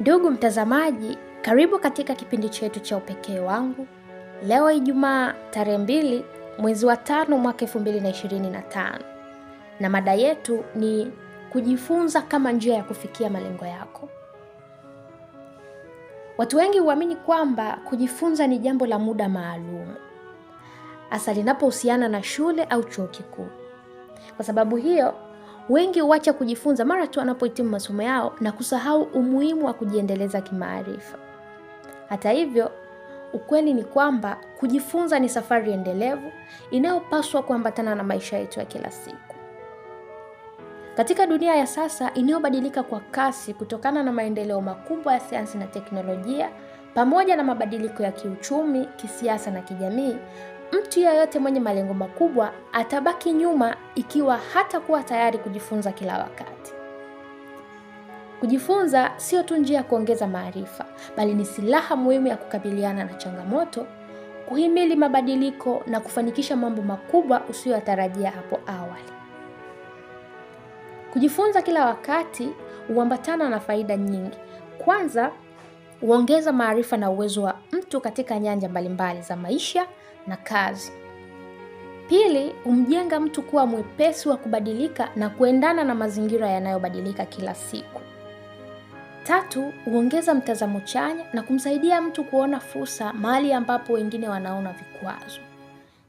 Ndugu mtazamaji, karibu katika kipindi chetu cha Upekee wangu leo Ijumaa tarehe 2 mwezi wa tano mwaka 2025, na mada yetu ni kujifunza kama njia ya kufikia malengo yako. Watu wengi huamini kwamba kujifunza ni jambo la muda maalum, hasa linapohusiana na shule au chuo kikuu. Kwa sababu hiyo Wengi huacha kujifunza mara tu wanapohitimu masomo yao na kusahau umuhimu wa kujiendeleza kimaarifa. Hata hivyo, ukweli ni kwamba kujifunza ni safari endelevu inayopaswa kuambatana na maisha yetu ya kila siku. Katika dunia ya sasa inayobadilika kwa kasi kutokana na maendeleo makubwa ya sayansi na teknolojia pamoja na mabadiliko ya kiuchumi, kisiasa na kijamii, Mtu yeyote mwenye malengo makubwa atabaki nyuma ikiwa hatakuwa tayari kujifunza kila wakati. Kujifunza sio tu njia ya kuongeza maarifa, bali ni silaha muhimu ya kukabiliana na changamoto, kuhimili mabadiliko na kufanikisha mambo makubwa usiyotarajia hapo awali. Kujifunza kila wakati huambatana na faida nyingi. Kwanza, huongeza maarifa na uwezo wa mtu katika nyanja mbalimbali za maisha na kazi. Pili, humjenga mtu kuwa mwepesi wa kubadilika na kuendana na mazingira yanayobadilika kila siku. Tatu, huongeza mtazamo chanya na kumsaidia mtu kuona fursa mahali ambapo wengine wanaona vikwazo.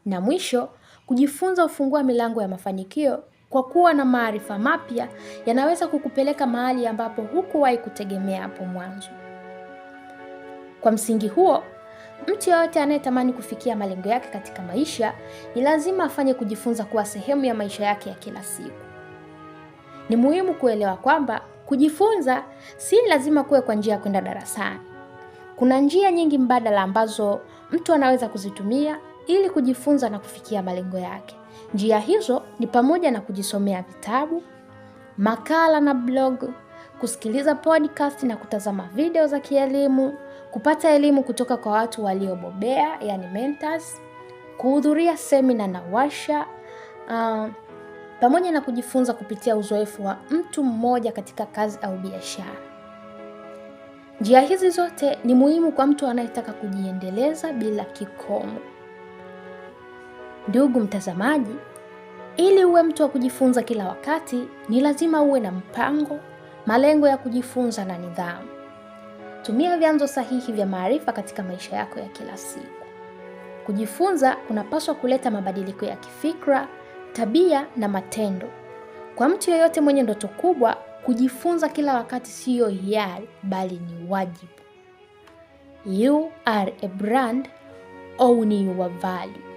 Na mwisho, kujifunza hufungua milango ya mafanikio kwa kuwa na maarifa mapya yanaweza kukupeleka mahali ambapo hukuwahi kutegemea hapo mwanzo. Kwa msingi huo, mtu yeyote anayetamani kufikia malengo yake katika maisha ni lazima afanye kujifunza kuwa sehemu ya maisha yake ya kila siku. Ni muhimu kuelewa kwamba kujifunza si lazima kuwe kwa njia ya kwenda darasani. Kuna njia nyingi mbadala ambazo mtu anaweza kuzitumia ili kujifunza na kufikia malengo yake. Njia hizo ni pamoja na kujisomea vitabu, makala na blog kusikiliza podcast na kutazama video za kielimu, kupata elimu kutoka kwa watu waliobobea, yani mentors, kuhudhuria semina na washa uh, pamoja na kujifunza kupitia uzoefu wa mtu mmoja katika kazi au biashara. Njia hizi zote ni muhimu kwa mtu anayetaka kujiendeleza bila kikomo. Ndugu mtazamaji, ili uwe mtu wa kujifunza kila wakati, ni lazima uwe na mpango Malengo ya kujifunza na nidhamu. Tumia vyanzo sahihi vya maarifa katika maisha yako ya kila siku. Kujifunza kunapaswa kuleta mabadiliko ya kifikra, tabia na matendo. Kwa mtu yeyote mwenye ndoto kubwa, kujifunza kila wakati siyo hiari bali ni wajibu. You are a brand, own your value.